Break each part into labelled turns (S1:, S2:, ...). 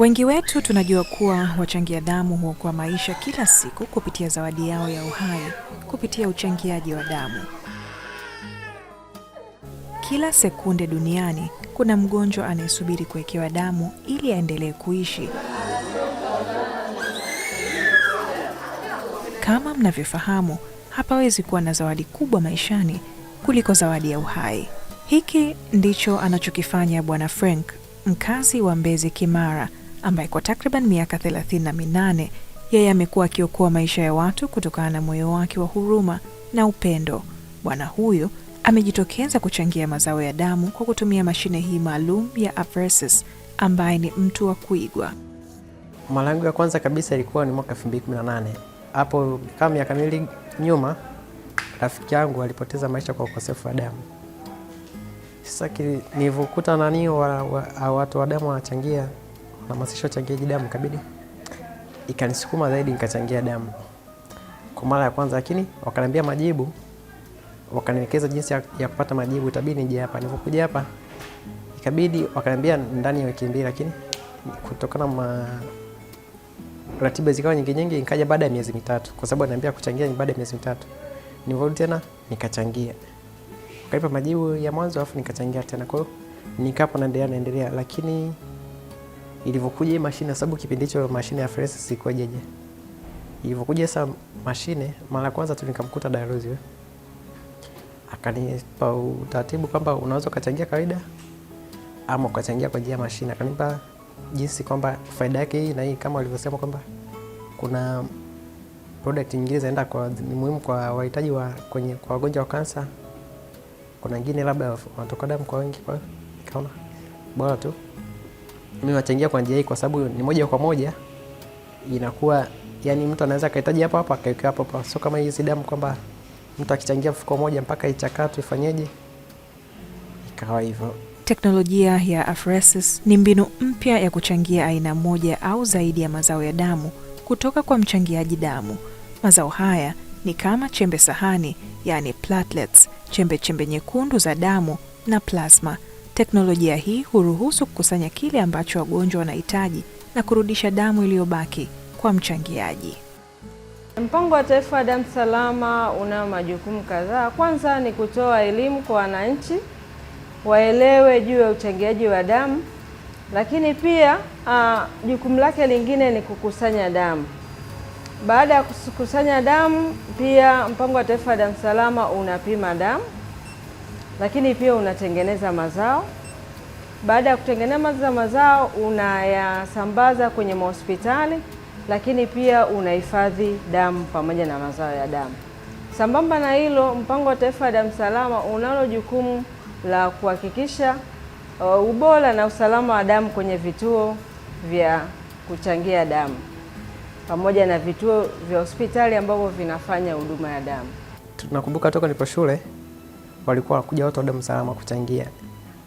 S1: Wengi wetu tunajua kuwa wachangia damu huokoa maisha kila siku kupitia zawadi yao ya uhai kupitia uchangiaji wa damu. Kila sekunde duniani kuna mgonjwa anayesubiri kuwekewa damu ili aendelee kuishi. Kama mnavyofahamu, hapawezi kuwa na zawadi kubwa maishani kuliko zawadi ya uhai. Hiki ndicho anachokifanya Bwana Frank, mkazi wa Mbezi Kimara, ambaye kwa takriban miaka thelathini na minane yeye amekuwa akiokoa maisha ya watu kutokana na moyo wake wa huruma na upendo. Bwana huyo amejitokeza kuchangia mazao ya damu kwa kutumia mashine hii maalum ya Aversus ambaye ni mtu wa kuigwa. Mara yangu ya kwanza kabisa ilikuwa ni mwaka 2018. Hapo kama miaka miwili nyuma, rafiki yangu alipoteza maisha kwa ukosefu wa damu. Sasa nilivyokuta nani wa, wa, watu wa damu wanachangia kuhamasisha uchangiaji damu, kabidi ikanisukuma zaidi nikachangia damu kwa mara ya kwanza, lakini wakaniambia majibu, wakanielekeza jinsi ya, ya kupata majibu, itabidi nije hapa. Nilipokuja hapa ikabidi wakaniambia ndani ya wiki mbili, lakini kutokana na ratiba zikawa nyingi nyingi, nikaja baada ya miezi mitatu, kwa sababu anaambia kuchangia ni baada ya miezi mitatu. Nilirudi tena nikachangia, kaipa majibu ya mwanzo, alafu nikachangia tena. Kwa hiyo nikapo naendelea naendelea, lakini ilivyokuja hii mashine, sababu kipindi hicho mashine ya fresh sikuwa jeje. Ilivyokuja sasa mashine mara kwanza tu nikamkuta Daruzi wewe, akanipa utaratibu kwamba unaweza kuchangia kawaida ama ukachangia kwa njia ya mashine. Akanipa jinsi kwamba faida yake hii na hii, kama walivyosema kwamba kuna product nyingine zaenda kwa ni muhimu kwa wahitaji wa kwenye kwa wagonjwa wa kansa, kuna nyingine labda wanatoka damu kwa wengi, kwa nikaona bora tu mimi nachangia kwa njia hii kwa sababu ni moja kwa moja inakuwa yani, mtu anaweza akahitaji hapo hapo akaweka hapo hapo, sio kama hizi damu kwamba mtu akichangia mfuko moja mpaka ichakatwe ifanyeje, ikawa hivyo.
S2: Teknolojia ya afresis ni mbinu mpya ya kuchangia aina moja au zaidi ya mazao ya damu kutoka kwa mchangiaji damu. Mazao haya ni kama chembe sahani, yani platelets, chembe chembe nyekundu za damu na plasma Teknolojia hii huruhusu kukusanya kile ambacho wagonjwa wanahitaji na kurudisha damu iliyobaki kwa mchangiaji.
S3: Mpango wa Taifa wa Damu Salama una majukumu kadhaa. Kwanza ni kutoa elimu kwa wananchi waelewe juu ya uchangiaji wa damu, lakini pia uh, jukumu lake lingine ni kukusanya damu. Baada ya kukusanya damu, pia mpango wa Taifa wa Damu Salama unapima damu lakini pia unatengeneza mazao. Baada ya kutengeneza mazao, unayasambaza kwenye mahospitali, lakini pia unahifadhi damu pamoja na mazao ya damu. Sambamba na hilo, mpango wa taifa wa damu salama unalo jukumu la kuhakikisha uh, ubora na usalama wa damu kwenye vituo vya kuchangia damu pamoja na vituo vya hospitali ambavyo vinafanya huduma ya damu.
S1: Tunakumbuka toka nipo shule walikuwa wakuja watu wa damu salama kuchangia,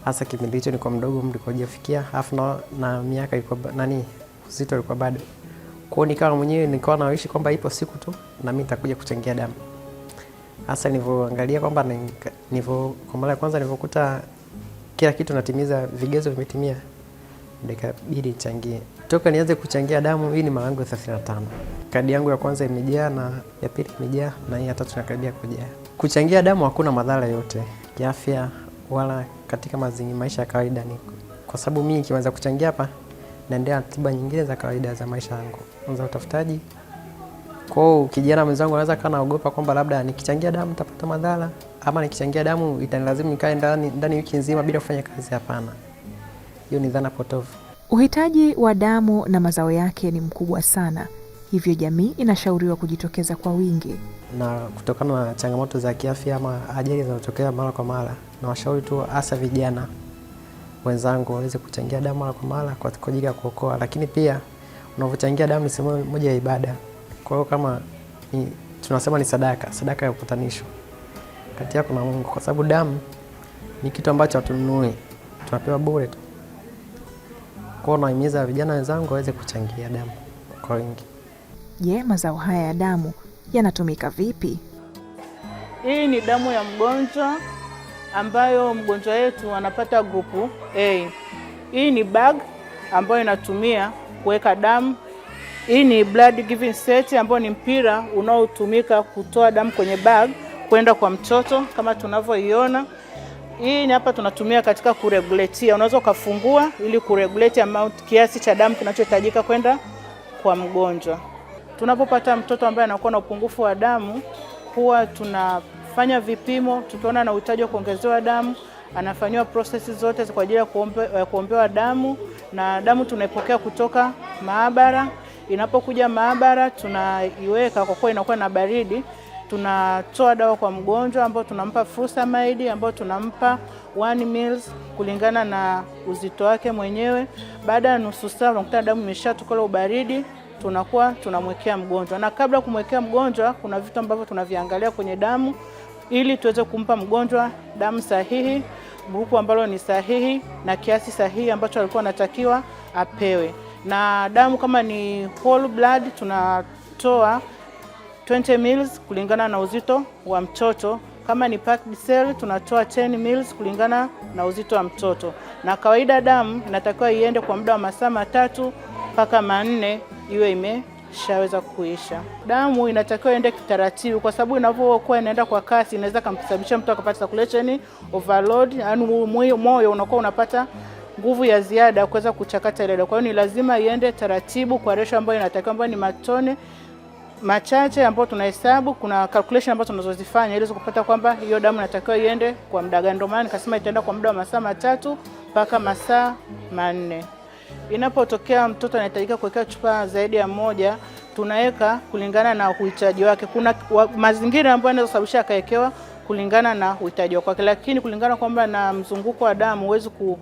S1: hasa kipindi hicho nilikuwa mdogo, mlikuwa kujafikia afu na, na miaka ilikuwa nani uzito ulikuwa bado kwao, nikawa mwenyewe nilikuwa naishi kwamba ipo siku tu na mimi nitakuja kuchangia damu. Hasa nilivyoangalia kwamba nilivyo kwa mara ya kwanza nilivyokuta kila kitu natimiza vigezo vimetimia, nikabidi nichangie. Toka nianze kuchangia damu, hii ni mara yangu ya 35. Kadi yangu ya kwanza imejaa na ya pili imejaa na hii ya tatu inakaribia kujaa. Kuchangia damu hakuna madhara yote kiafya wala katika mazingira maisha ya kawaida, ni kwa sababu mimi nikianza kuchangia hapa naendea tiba nyingine za kawaida za maisha yangu za utafutaji. Kwa hiyo kijana mwenzangu anaweza kana naogopa kwamba labda nikichangia damu nitapata madhara ama nikichangia damu itanilazimu nikae ndani ndani wiki nzima bila kufanya kazi. Hapana, hiyo ni dhana potofu.
S2: Uhitaji wa damu na mazao yake ni mkubwa sana hivyo jamii inashauriwa kujitokeza kwa wingi.
S1: Na kutokana na changamoto za kiafya ama ajali zinazotokea mara kwa mara, na washauri tu hasa vijana wenzangu waweze kuchangia damu mara kwa mara kwa ajili ya kuokoa, lakini pia unavyochangia damu ni sehemu moja ya ibada. Kwa hiyo kama ni, tunasema ni sadaka, sadaka ya upatanisho kati yako na Mungu, kwa sababu damu ni kitu ambacho hatununui, tunapewa bure tu. Kwa hiyo naimiza vijana wenzangu waweze kuchangia damu kwa wingi.
S2: Je, mazao haya ya damu yanatumika vipi?
S3: Hii ni damu ya mgonjwa ambayo mgonjwa wetu anapata grupu A. Hii ni bag ambayo inatumia kuweka damu. Hii ni blood giving set ambayo ni mpira unaotumika kutoa damu kwenye bag kwenda kwa mtoto kama tunavyoiona. Hii ni hapa tunatumia katika kuregulatia, unaweza ukafungua ili kuregulate amount, kiasi cha damu kinachohitajika kwenda kwa mgonjwa. Tunapopata mtoto ambaye anakuwa na upungufu wa damu, huwa tunafanya vipimo. Tukiona na uhitaji wa kuongezewa damu, anafanyiwa prosesi zote kwa ajili ya kuombe, kuombewa damu, na damu tunaipokea kutoka maabara. Inapokuja maabara, tunaiweka kwa kuwa inakuwa na baridi tunatoa dawa kwa mgonjwa ambao tunampa maidi ambao tunampa 1 ml kulingana na uzito wake mwenyewe. Baada ya nusu saa unakuta damu imeshatoka ile ubaridi tunakuwa tunamwekea mgonjwa, na kabla kumwekea mgonjwa, kuna vitu ambavyo tunaviangalia kwenye damu ili tuweze kumpa mgonjwa damu sahihi, grupu ambalo ni sahihi na kiasi sahihi ambacho alikuwa anatakiwa apewe. Na damu kama ni whole blood tunatoa 20 ml kulingana na uzito wa mtoto. Kama ni packed cell tunatoa 10 ml kulingana na uzito wa mtoto. Na kawaida damu inatakiwa iende kwa muda wa masaa matatu mpaka manne iwe imeshaweza kuisha. Damu inatakiwa iende kitaratibu, kwa sababu inavyokuwa inaenda kwa kasi inaweza kumsababisha mtu akapata circulation overload, yani moyo unakuwa unapata nguvu ya ziada kuweza kuchakata ile damu. Kwa hiyo ni lazima iende taratibu kwa ratio ambayo inatakiwa, ambayo ni matone machache ambayo tunahesabu. Kuna calculation ambazo tunazozifanya ili kupata kwamba hiyo damu inatakiwa iende kwa muda gani. Ndio maana nikasema itaenda kwa muda wa masaa matatu mpaka masaa manne. Inapotokea mtoto anahitajika kuwekea chupa zaidi ya moja, tunaweka kulingana na uhitaji wake. Kuna wa, mazingira ambayo anaweza kusababisha akawekewa kulingana na uhitaji wake, lakini kulingana kwamba na mzunguko wa damu huwezi ku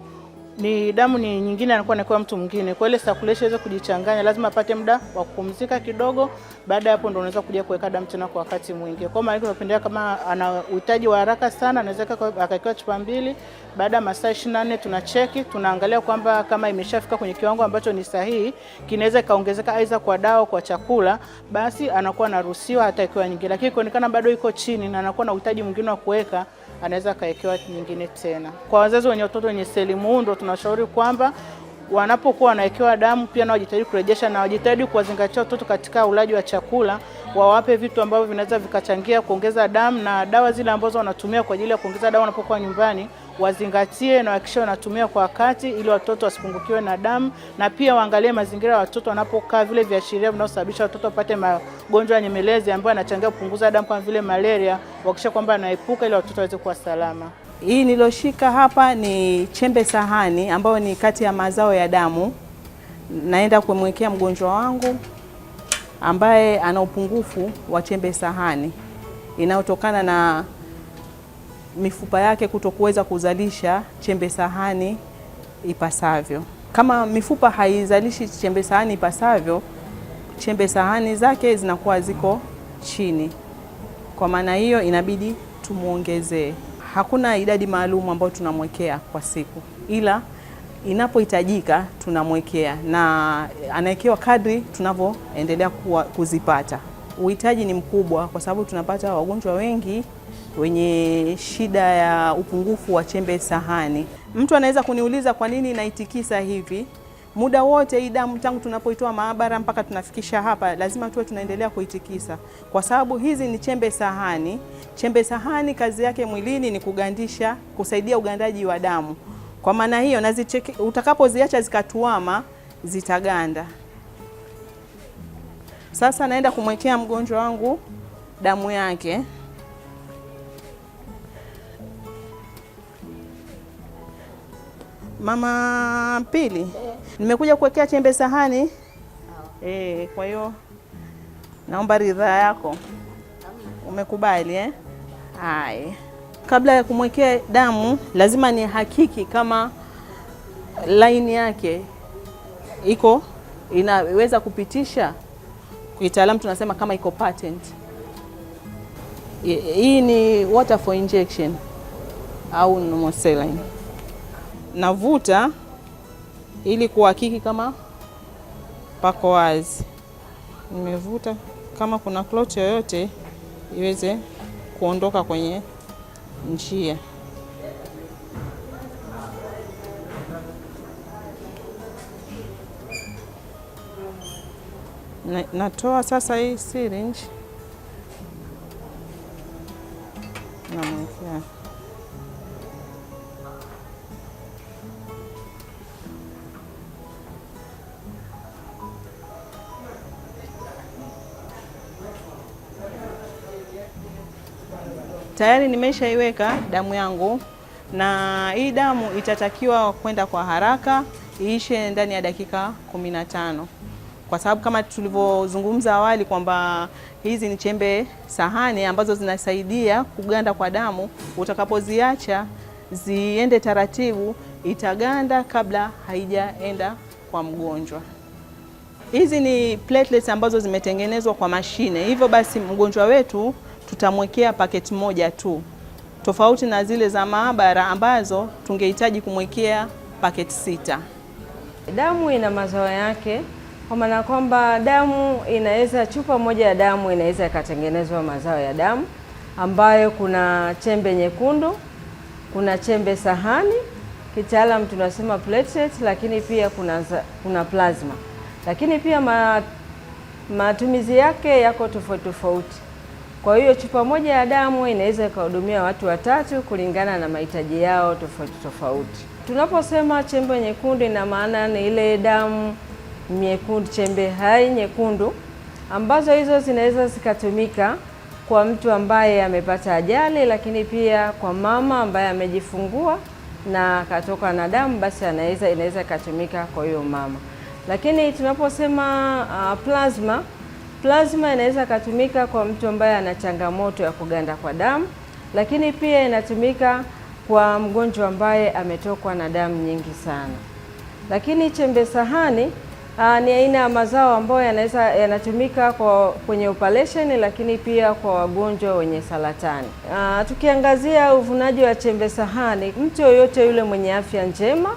S3: ni damu ni nyingine anakuwa anakuwa mtu mwingine. Kwa ile circulation iweze kujichanganya, lazima apate muda wa kupumzika kidogo. Baada ya hapo, ndio unaweza kuja kuweka damu tena kwa wakati mwingi. Kwa maana tunapendelea kama ana uhitaji wa haraka sana, anaweza akawekewa chupa mbili. Baada ya masaa 24 tunacheki, tunaangalia kwamba kama imeshafika kwenye kiwango ambacho ni sahihi, kinaweza kaongezeka aidha kwa dawa, kwa chakula, basi anakuwa anaruhusiwa hata ikiwa nyingine, lakini ikionekana bado iko chini na anakuwa na uhitaji mwingine wa kuweka anaweza akawekewa nyingine tena. Kwa wazazi wenye watoto wenye seli muundo, tunashauri kwamba wanapokuwa wanawekewa damu pia na wajitahidi kurejesha, na wajitahidi kuwazingatia watoto katika ulaji wa chakula, wawape vitu ambavyo vinaweza vikachangia kuongeza damu na dawa zile ambazo wanatumia kwa ajili ya kuongeza damu wanapokuwa nyumbani wazingatie na hakikisha wanatumia kwa wakati, ili watoto wasipungukiwe na damu, na pia waangalie mazingira ya watoto wanapokaa, vile viashiria vinavyosababisha watoto wapate magonjwa ya nyemelezi ambayo yanachangia kupunguza damu kama vile malaria, wakisha kwamba anaepuka ili watoto waweze kuwa salama. Hii niloshika hapa ni chembe sahani ambayo ni kati ya mazao ya damu. Naenda kumwekea mgonjwa wangu ambaye ana upungufu wa chembe sahani inayotokana na mifupa yake kutokuweza kuzalisha chembe sahani ipasavyo. Kama mifupa haizalishi chembe sahani ipasavyo, chembe sahani zake zinakuwa ziko chini. Kwa maana hiyo, inabidi tumwongezee. Hakuna idadi maalum ambayo tunamwekea kwa siku, ila inapohitajika tunamwekea na anawekewa kadri tunavyoendelea kuzipata. Uhitaji ni mkubwa kwa sababu tunapata wagonjwa wengi wenye shida ya upungufu wa chembe sahani. Mtu anaweza kuniuliza kwa nini naitikisa hivi muda wote hii damu tangu tunapoitoa maabara mpaka tunafikisha hapa, lazima tuwe tunaendelea kuitikisa, kwa sababu hizi ni chembe sahani. Chembe sahani kazi yake mwilini ni kugandisha, kusaidia ugandaji wa damu. Kwa maana hiyo, na utakapoziacha zikatuama, zitaganda. Sasa naenda kumwekea mgonjwa wangu damu yake. Mama Pili, nimekuja kuwekea chembe sahani e. Kwa hiyo naomba ridhaa yako, umekubali eh? Haya, kabla ya kumwekea damu lazima ni hakiki kama laini yake iko inaweza kupitisha. Kitaalamu tunasema kama iko patent. Hii ni water for injection au normal saline navuta ili kuhakiki kama pako wazi. Nimevuta kama kuna clot yoyote iweze kuondoka kwenye njia. Na, natoa sasa hii syringe mwekea. Tayari nimeshaiweka damu yangu, na hii damu itatakiwa kwenda kwa haraka iishe ndani ya dakika kumi na tano kwa sababu kama tulivyozungumza awali kwamba hizi ni chembe sahani ambazo zinasaidia kuganda kwa damu. Utakapoziacha ziende taratibu, itaganda kabla haijaenda kwa mgonjwa. Hizi ni platelets ambazo zimetengenezwa kwa mashine, hivyo basi mgonjwa wetu tutamwekea paketi moja tu, tofauti na zile za maabara ambazo tungehitaji kumwekea paketi sita. Damu ina mazao yake, kwa maana kwamba damu inaweza, chupa moja ya damu inaweza ikatengenezwa mazao ya damu ambayo kuna chembe nyekundu, kuna chembe sahani, kitaalamu tunasema platelet, lakini pia kuna, kuna plasma, lakini pia matumizi yake yako tofauti tofauti. Kwa hiyo chupa moja ya damu inaweza ikahudumia watu watatu kulingana na mahitaji yao tofauti tofauti. Tunaposema chembe nyekundu, ina maana ni ile damu nyekundu, chembe hai nyekundu, ambazo hizo zinaweza zikatumika kwa mtu ambaye amepata ajali, lakini pia kwa mama ambaye amejifungua na akatoka na damu, basi anaweza inaweza ikatumika kwa hiyo mama. Lakini tunaposema uh, plasma Plasma inaweza katumika kwa mtu ambaye ana changamoto ya kuganda kwa damu, lakini pia inatumika kwa mgonjwa ambaye ametokwa na damu nyingi sana. Lakini chembe sahani aa, ah, ni aina ya mazao ambayo yanaweza yanatumika kwa kwenye operation, lakini pia kwa wagonjwa wenye saratani. Aa, ah, tukiangazia uvunaji wa chembe sahani, mtu yoyote yule mwenye afya njema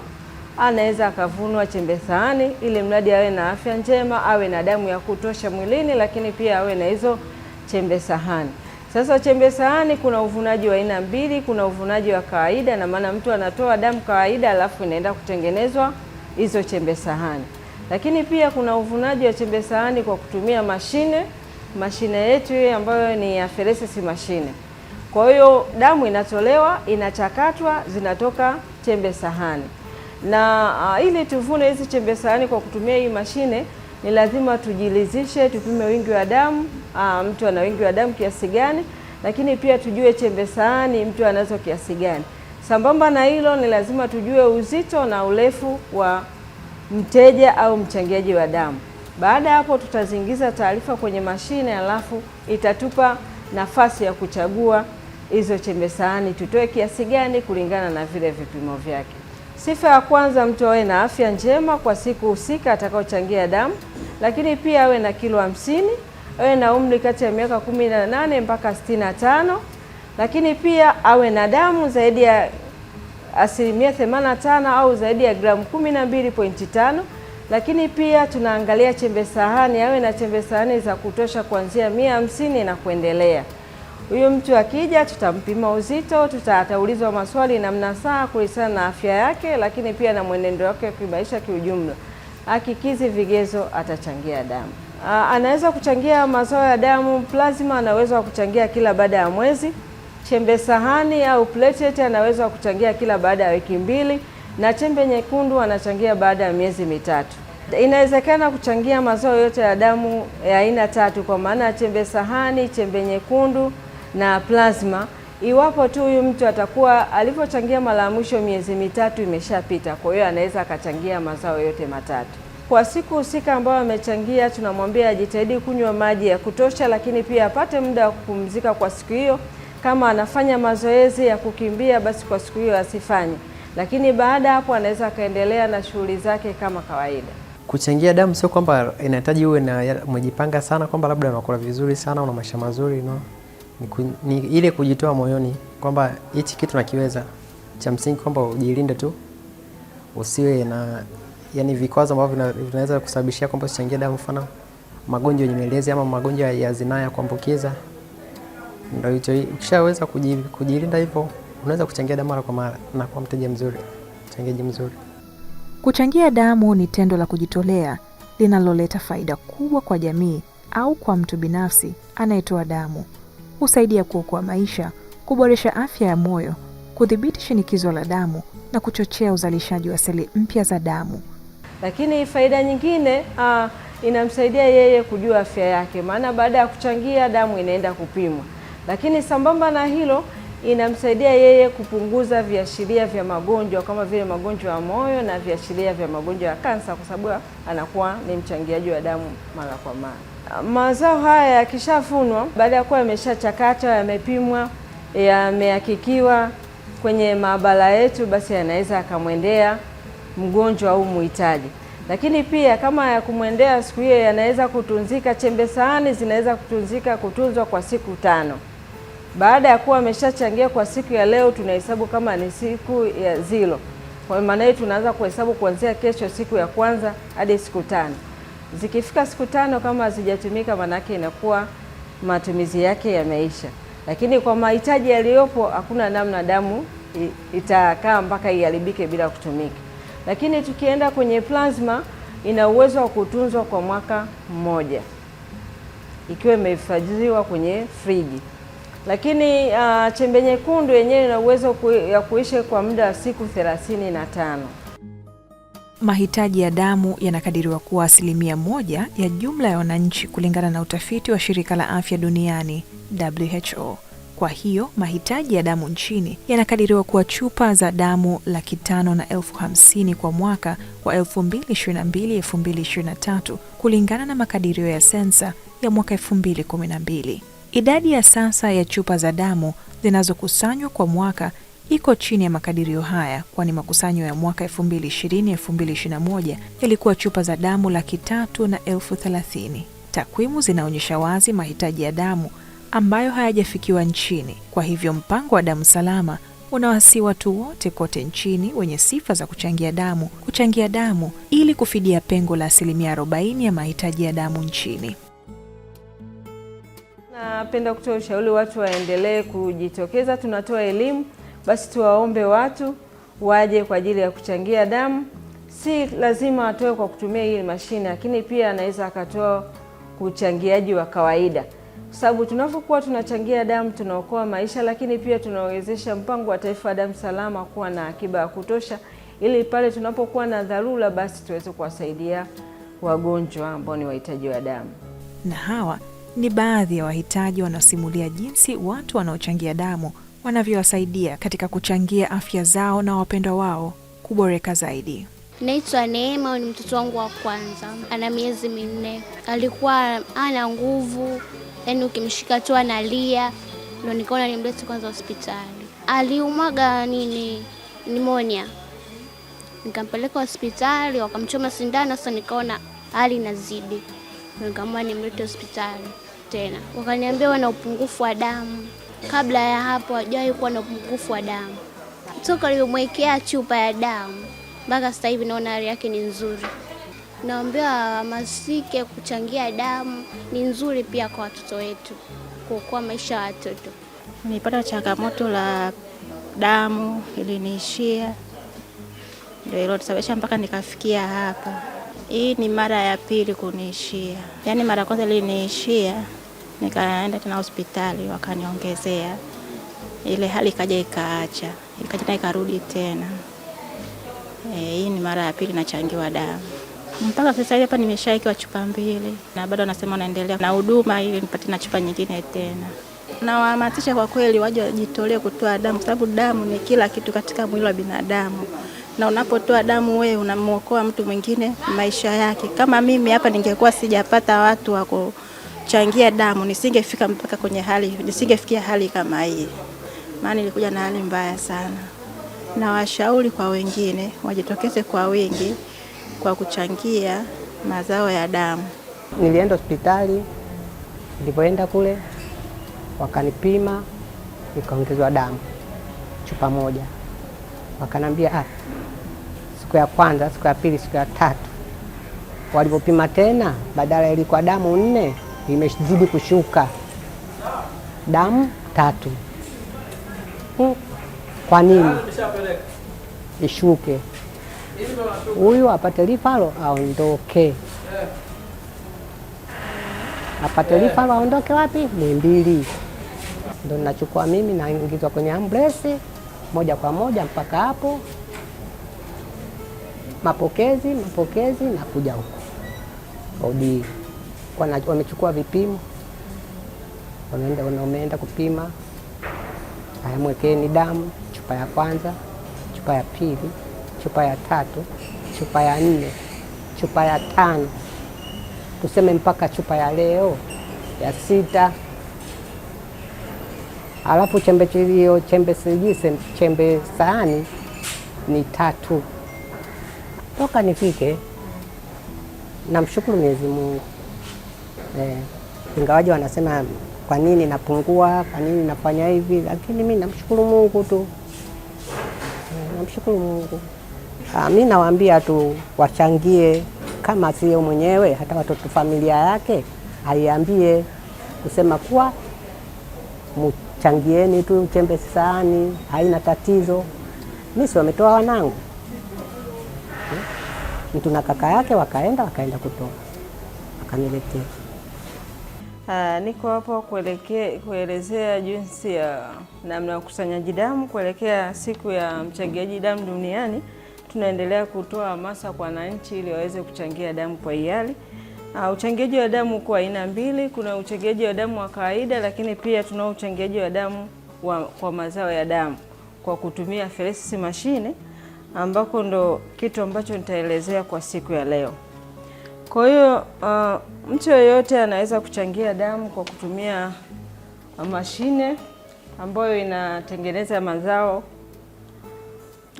S3: anaweza akavunwa chembe sahani, ili mradi awe na afya njema, awe na damu ya kutosha mwilini, lakini pia awe na hizo chembe sahani. Sasa chembe sahani kuna uvunaji wa aina mbili, kuna uvunaji wa kawaida, na maana mtu anatoa damu kawaida, alafu inaenda kutengenezwa hizo chembe sahani, lakini pia kuna uvunaji wa chembe sahani kwa kutumia mashine, mashine yetu hii ambayo ni ya feresis mashine. Kwa hiyo damu inatolewa, inachakatwa, zinatoka chembe sahani na uh, ili tuvune hizi chembe sahani kwa kutumia hii mashine ni lazima tujilizishe, tupime wingi wa damu uh, mtu ana wingi wa damu kiasi gani, lakini pia tujue chembe sahani mtu anazo kiasi gani. Sambamba na hilo, ni lazima tujue uzito na urefu wa mteja au mchangiaji wa damu. Baada ya hapo, tutazingiza taarifa kwenye mashine, alafu itatupa nafasi ya kuchagua hizo chembe sahani, tutoe kiasi gani kulingana na vile vipimo vyake. Sifa ya kwanza, mtu awe na afya njema kwa siku husika atakayochangia damu, lakini pia awe na kilo hamsini, awe na umri kati ya miaka kumi na nane mpaka sitini na tano, lakini pia awe na damu zaidi ya asilimia tano au zaidi ya gramu tano lakini pia tunaangalia chembe sahani, awe na chembe sahani za kutosha kuanzia mia hamsini na kuendelea. Huyu mtu akija, tutampima uzito, tutaataulizwa maswali na mnasaha kuhusiana na afya yake, lakini pia na mwenendo wake kimaisha kiujumla. Akikizi vigezo, atachangia damu. Anaweza kuchangia mazao ya damu, plasma anaweza kuchangia kila baada ya mwezi, chembe sahani au platelet anaweza kuchangia kila baada ya wiki mbili, na chembe nyekundu anachangia baada ya miezi mitatu. Inawezekana kuchangia mazao yote ya damu ya aina tatu, kwa maana ya chembe sahani, chembe nyekundu na plasma iwapo tu huyu mtu atakuwa alivyochangia mara ya mwisho miezi mitatu imeshapita. Kwa hiyo anaweza akachangia mazao yote matatu kwa siku husika ambayo amechangia. Tunamwambia ajitahidi kunywa maji ya kutosha, lakini pia apate muda wa kupumzika kwa siku hiyo. Kama anafanya mazoezi ya kukimbia, basi kwa siku hiyo asifanye, lakini baada hapo anaweza akaendelea na shughuli zake kama kawaida.
S1: Kuchangia damu sio kwamba inahitaji uwe na umejipanga sana kwamba labda unakula vizuri sana, una maisha mazuri no ni ile kujitoa moyoni kwamba hichi kitu nakiweza. Cha msingi kwamba ujilinde tu, usiwe na yani vikwazo ambavyo vinaweza kusababishia kwamba usichangie damu, mfano magonjwa nyemelezi ama magonjwa ya zinaa ya kuambukiza. Ndio hicho, ukishaweza kujilinda hivyo unaweza kuchangia damu mara kwa mara na kwa mteja mzuri, mchangiaji mzuri.
S2: Kuchangia damu ni tendo la kujitolea linaloleta faida kubwa kwa jamii au kwa mtu binafsi anayetoa damu husaidia kuokoa maisha, kuboresha afya ya moyo, kudhibiti shinikizo la damu na kuchochea uzalishaji wa seli mpya za damu.
S3: Lakini faida nyingine uh, inamsaidia yeye kujua afya yake, maana baada ya kuchangia damu inaenda kupimwa. Lakini sambamba na hilo, inamsaidia yeye kupunguza viashiria vya magonjwa kama vile magonjwa ya moyo na viashiria vya magonjwa ya kansa, kwa sababu anakuwa ni mchangiaji wa damu mara kwa mara. Mazao haya yakishafunwa baada ya kuwa yameshachakatwa, yamepimwa, yamehakikiwa kwenye maabara yetu, basi yanaweza akamwendea mgonjwa au muhitaji. Lakini pia kama ya kumwendea siku hiyo, yanaweza kutunzika, chembe sahani zinaweza kutunzika, kutunzwa kwa siku tano. Baada ya kuwa ameshachangia kwa siku ya leo, tunahesabu kama ni siku ya zilo. Kwa maana hiyo tunaanza kuhesabu kuanzia kesho, siku ya kwanza hadi siku tano. Zikifika siku tano kama hazijatumika, manake inakuwa matumizi yake yameisha, lakini kwa mahitaji yaliyopo hakuna namna damu itakaa mpaka iharibike bila kutumika. Lakini tukienda kwenye plasma, ina uwezo wa kutunzwa kwa mwaka mmoja ikiwa imehifadhiwa kwenye friji. Lakini uh, chembe nyekundu yenyewe ina uwezo ya kuishi kwa muda wa siku thelathini na tano.
S2: Mahitaji ya damu yanakadiriwa kuwa asilimia moja ya jumla ya wananchi kulingana na utafiti wa Shirika la Afya Duniani WHO. Kwa hiyo mahitaji ya damu nchini yanakadiriwa kuwa chupa za damu laki tano na elfu hamsini kwa mwaka wa 2022-2023 kulingana na makadirio ya sensa ya mwaka 2012. Idadi ya sasa ya chupa za damu zinazokusanywa kwa mwaka iko chini ya makadirio haya, kwani makusanyo ya mwaka 2020 2021 yalikuwa chupa za damu laki tatu na elfu thelathini. Takwimu zinaonyesha wazi mahitaji ya damu ambayo hayajafikiwa nchini. Kwa hivyo mpango wa damu salama unawasi watu wote kote nchini wenye sifa za kuchangia damu kuchangia damu ili kufidia pengo la asilimia 40 ya mahitaji ya damu nchini.
S3: Napenda kutoa ushauri watu waendelee kujitokeza. Tunatoa elimu basi tuwaombe watu waje kwa ajili ya kuchangia damu. Si lazima atoe kwa kutumia hii mashine, lakini pia anaweza akatoa kuchangiaji wa kawaida, kwa sababu tunapokuwa tunachangia damu tunaokoa maisha, lakini pia tunawezesha mpango wa taifa wa damu salama kuwa na akiba ya kutosha, ili pale tunapokuwa na dharura, basi tuweze kuwasaidia wagonjwa ambao ni wahitaji wa damu.
S2: Na hawa ni baadhi ya wahitaji wanaosimulia jinsi watu wanaochangia damu wanavyowasaidia katika kuchangia afya zao na wapendwa wao kuboreka zaidi.
S4: Naitwa Neema, ni mtoto wangu wa kwanza, ana miezi minne. Alikuwa ana nguvu, yaani ukimshika tu analia, ndo nikaona nimlete kwanza hospitali. Aliumwaga nini, nimonia, nikampeleka hospitali, wakamchoma sindano. Sasa nikaona hali inazidi, nikaamua nimlete hospitali tena. Wakaniambia wana upungufu wa damu. Kabla ya hapo hajawahi kuwa na upungufu wa damu. Toka alivyomwekea chupa ya damu mpaka sasa hivi naona hali yake ni nzuri. Naombea wahamasike kuchangia damu, ni nzuri pia kwa watoto wetu, kuokoa maisha ya watoto.
S5: Nilipata changamoto la damu iliniishia, ndio tusababisha mpaka nikafikia hapa. Hii ni mara ya pili kuniishia, yaani mara ya kwanza iliniishia nikaenda tena hospitali wakaniongezea, ile hali ikaja ikaacha, ikaja ikarudi tena. E, hii ni mara ya pili nachangiwa damu mpaka sasa hivi hapa nimeshaikiwa chupa mbili na bado wanasema naendelea na huduma ili nipate na chupa nyingine tena. Nawahamasisha kwa kweli, waje wajitolee kutoa damu, sababu damu ni kila kitu katika mwili wa binadamu, na unapotoa damu wewe unamwokoa mtu mwingine maisha yake. Kama mimi hapa ningekuwa sijapata watu wako changia damu, nisingefika mpaka kwenye hali, nisingefikia hali kama hii, maana nilikuja na hali mbaya sana. Na washauri kwa wengine wajitokeze kwa wingi kwa kuchangia mazao ya damu.
S6: Nilienda hospitali, nilipoenda kule wakanipima, nikaongezwa damu chupa moja, wakanambia ah, siku ya kwanza, siku ya pili, siku ya tatu, walipopima tena, badala ilikuwa damu nne imezidi kushuka. Damu tatu. Hmm. Kwa nini ishuke? Huyu apate lifalo aondoke, apate lifalo aondoke. Wapi? ni mbili, ndo nachukua mimi, naingizwa kwenye ambulensi moja kwa moja mpaka hapo mapokezi, mapokezi nakuja huko odi wamechukua vipimo, wameenda wameenda kupima, ayamwekeni damu, chupa ya kwanza, chupa ya pili, chupa ya tatu, chupa ya nne, chupa ya tano, tuseme mpaka chupa ya leo ya sita alafu chembe chilio chembe sijise chembe sahani ni tatu. Toka nifike, namshukuru Mwenyezi Mungu eh, ingawaje wanasema kwa nini napungua, kwa nini nafanya hivi, lakini mimi namshukuru Mungu tu, eh, namshukuru Mungu. Ah, mi nawaambia tu wachangie, kama sio mwenyewe, hata watoto, familia yake aiambie kusema kuwa mchangieni tu chembe sahani, haina tatizo. Mi si wametoa wanangu, eh, mtu na kaka yake wakaenda wakaenda kutoa, akaniletea
S3: Uh, niko hapo kuelezea jinsi ya namna ya ukusanyaji damu kuelekea siku ya mchangiaji damu duniani. Tunaendelea kutoa hamasa kwa wananchi ili waweze kuchangia damu kwa hiari. Ah, uchangiaji wa damu kwa aina mbili, kuna uchangiaji wa damu wa kawaida, lakini pia tunao uchangiaji wa damu wa, kwa mazao ya damu kwa kutumia feresis mashine ambako ndo kitu ambacho nitaelezea kwa siku ya leo. Kwa hiyo uh, mtu yeyote anaweza kuchangia damu kwa kutumia uh, mashine ambayo inatengeneza mazao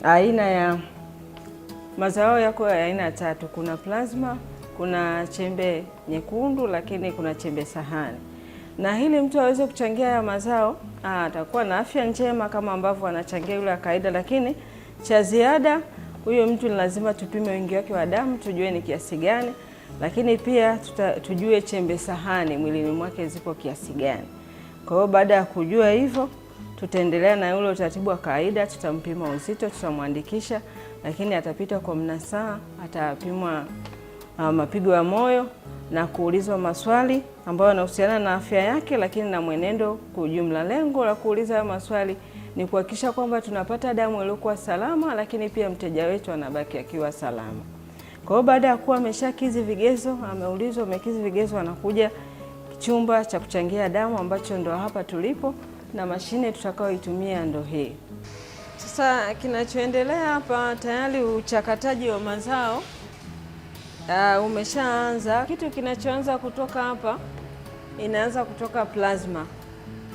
S3: aina ya mazao yako ya aina tatu. Kuna plasma, kuna chembe nyekundu, lakini kuna chembe sahani. Na hili mtu aweze kuchangia haya mazao, uh, atakuwa na afya njema kama ambavyo anachangia yule ya kawaida, lakini cha ziada, huyo mtu ni lazima tupime wingi wake wa damu, tujue ni kiasi gani lakini pia tuta, tujue chembe sahani mwilini mwake zipo kiasi gani. Kwa hiyo baada ya kujua hivyo, tutaendelea na ule utaratibu wa kawaida, tutampima uzito, tutamwandikisha, lakini atapita kwa mnasaa, atapimwa uh, mapigo ya moyo na kuulizwa maswali ambayo yanahusiana na afya yake, lakini na mwenendo kwa ujumla. Lengo la kuuliza hayo maswali ni kuhakikisha kwamba tunapata damu iliyokuwa salama, lakini pia mteja wetu anabaki akiwa salama. Kwa hiyo baada ya kuwa ameshakizi vigezo, ameulizwa umekizi vigezo, anakuja chumba cha kuchangia damu ambacho ndo hapa tulipo na mashine tutakayoitumia ndo hii. Sasa kinachoendelea hapa, tayari uchakataji wa mazao uh, umeshaanza. Kitu kinachoanza kutoka hapa, inaanza kutoka plasma,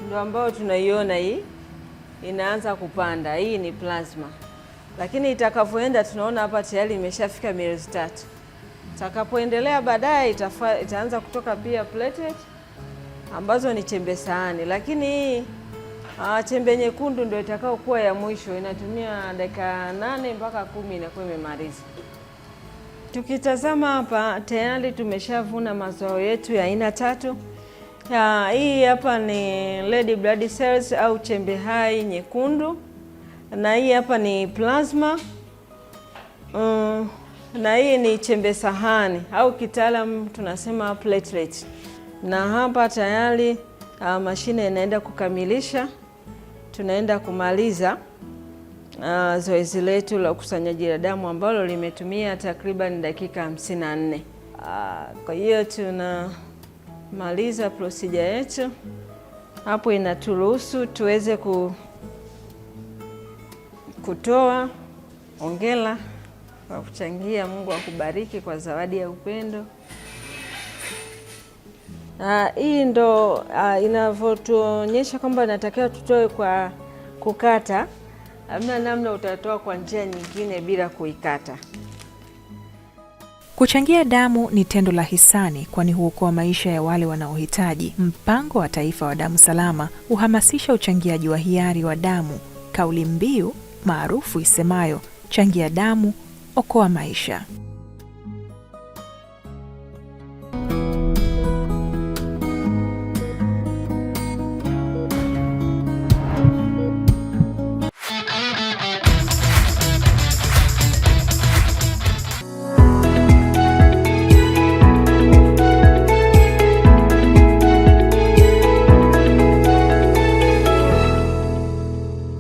S3: ndo ambayo tunaiona hii inaanza kupanda. Hii ni plasma lakini itakavyoenda tunaona hapa tayari imeshafika miezi tatu. takapoendelea baadaye itaanza kutoka pia plated ambazo ni chembe sahani, lakini hii uh, ah, chembe nyekundu ndio itakaokuwa ya mwisho, inatumia dakika nane mpaka kumi inakuwa imemaliza. Tukitazama hapa tayari tumeshavuna mazao yetu ya aina tatu. Ah, hii hapa ni red blood cells au chembe hai nyekundu na hii hapa ni plasma uh, na hii ni chembe sahani au kitaalamu tunasema platelet. Na hapa tayari uh, mashine inaenda kukamilisha, tunaenda kumaliza uh, zoezi letu la ukusanyaji la damu ambalo limetumia takriban dakika 54. Uh, ah, kwa hiyo tunamaliza prosija yetu hapo, inaturuhusu tuweze ku kutoa. Hongera kwa kuchangia. Mungu akubariki kwa zawadi ya upendo. Uh, hii ndo uh, inavyotuonyesha kwamba natakiwa tutoe kwa kukata. Hamna namna, utatoa kwa njia nyingine bila kuikata.
S2: Kuchangia damu ni tendo la hisani, kwani huokoa maisha ya wale wanaohitaji. Mpango wa Taifa wa Damu Salama huhamasisha uchangiaji wa hiari wa damu, kauli mbiu maarufu isemayo changia damu okoa maisha.